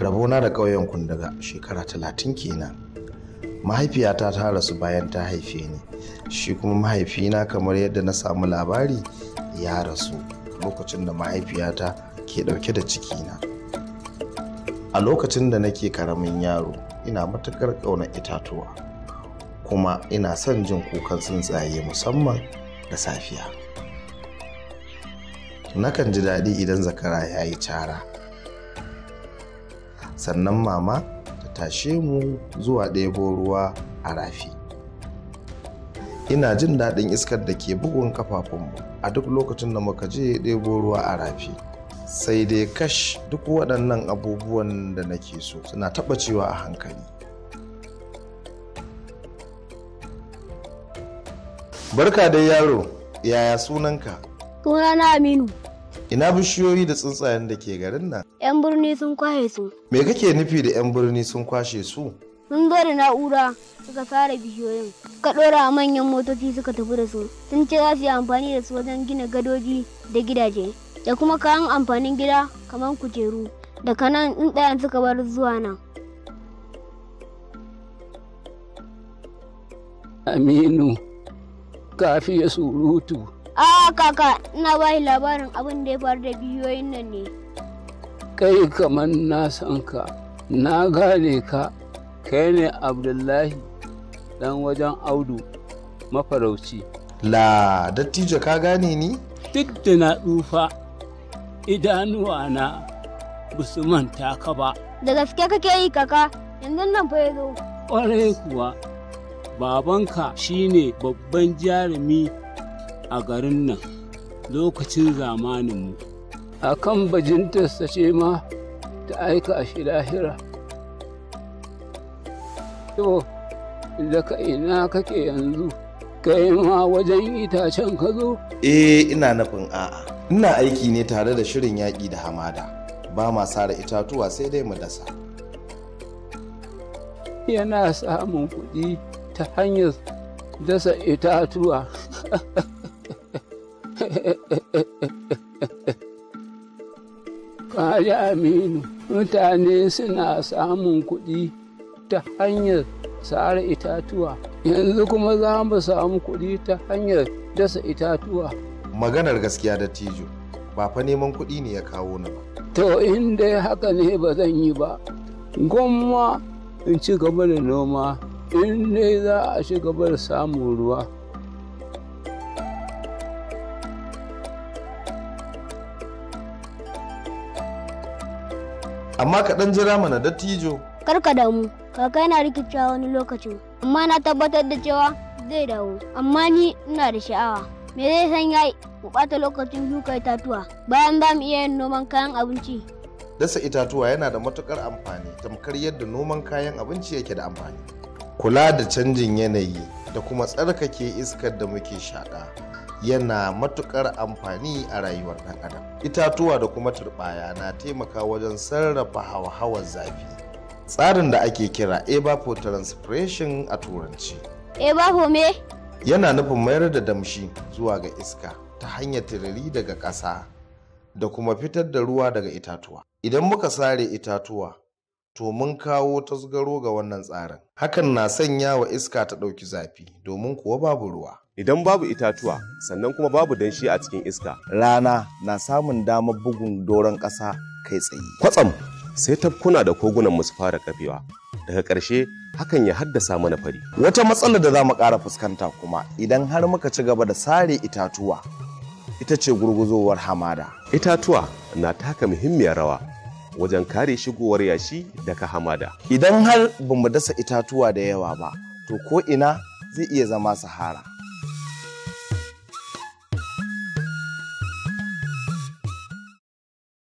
rabona da ƙauyen daga shekara talatin kenan mahaifiyata ta rasu bayan ta haife ni shi kuma mahaifina kamar yadda na samu labari ya rasu lokacin da mahaifiyata ke ɗauke da cikina a lokacin da nake karamin yaro ina matuƙar ƙaunar itatuwa kuma ina son jin kukan tsuntsaye musamman da safiya nakan ji daɗi idan zakara ya yi cara sannan mama ta tashe mu zuwa ɗebo ruwa a rafi ina jin daɗin iskar da ke bugun kafafunmu a duk lokacin da muka je ɗebo ruwa a rafi sai dai kash duk waɗannan abubuwan da nake so suna taɓa cewa a hankali barka dai yaro yaya sunanka sunana aminu Ina bishiyoyi da tsuntsayen da ke garin nan? 'Yan birni sun kwashe su. Me kake nufi da 'yan birni sun kwashe su? Sun zo da na'ura suka sare bishiyoyin. Suka ɗora manyan motoci suka tafi da su. Sun ce za su yi amfani da su wajen gina gadoji da gidaje. Da kuma kayan amfanin gida kamar kujeru. Da kanan nan ɗayan suka bar zuwa nan. Aminu, kafi ya surutu. a kaka ina bani labarin abin da ya faru da biyoyin nan ne kai kamar na san ka na gane ka kai ne abdullahi dan wajen audu mafarauci la dattijo ka gane ni duk da na tsufa idanuwa na busu manta ka ba da gaske kake yi kaka yanzu nan fa ya zo kuwa babanka shine babban jarumi a garin nan lokacin zamaninmu a kan bajintarsa ce ma ta aika a shi lahira to daga ina kake yanzu kai ma wajen itacen ka zo eh ina nufin a'a ina aiki ne tare da shirin yaƙi da hamada ba ma sare itatuwa sai dai mu dasa yana samun kuɗi ta hanyar dasa itatuwa Kaji Aminu, mutane suna samun kuɗi ta hanyar sare itatuwa, yanzu kuma za mu samu kuɗi ta hanyar dasa itatuwa. Maganar gaskiya da tijo, ba fa neman kuɗi ne ya kawo ni ba. To in dai haka ne ba zan yi ba, gwamma in ci gaba da noma, in dai za a ci gaba da samun ruwa. amma ka ɗan jira mana dattijo kar ka damu kaka yana rikicewa wani lokacin amma na tabbatar da cewa zai dawo amma ni ina da sha'awa me zai san yayi mu bata lokacin shuka itatuwa bayan ba mu iya yin noman kayan abinci dasa itatuwa yana da matukar amfani tamkar yadda noman kayan abinci yake da amfani kula da canjin yanayi da kuma tsarkake iskar da muke shaƙa yana matukar amfani a rayuwar ɗan adam itatuwa da kuma turɓaya na taimaka wajen sarrafa hauhawar zafi tsarin da ake kira evapotranspiration a turanci evapo me yana nufin mayar da damshi zuwa ga iska ta hanyar tiriri daga ƙasa da kuma fitar da ruwa daga itatuwa idan muka sare itatuwa to mun kawo tasgaro ga wannan tsarin hakan na sanya wa iska ta ɗauki zafi domin kuwa babu ruwa idan babu itatuwa sannan kuma babu danshi a cikin iska rana na samun damar bugun doron ƙasa kai tsaye kwatsam sai tafkuna da kogunan musu su fara kafewa daga ƙarshe hakan ya haddasa mana fari wata matsala da za mu ƙara fuskanta kuma idan har muka ci gaba da sare itatuwa ita ce gurguzowar hamada itatuwa na taka muhimmiyar rawa wajen kare shigowar yashi daga hamada idan har ba dasa itatuwa da yawa ba to ko ina zai iya zama sahara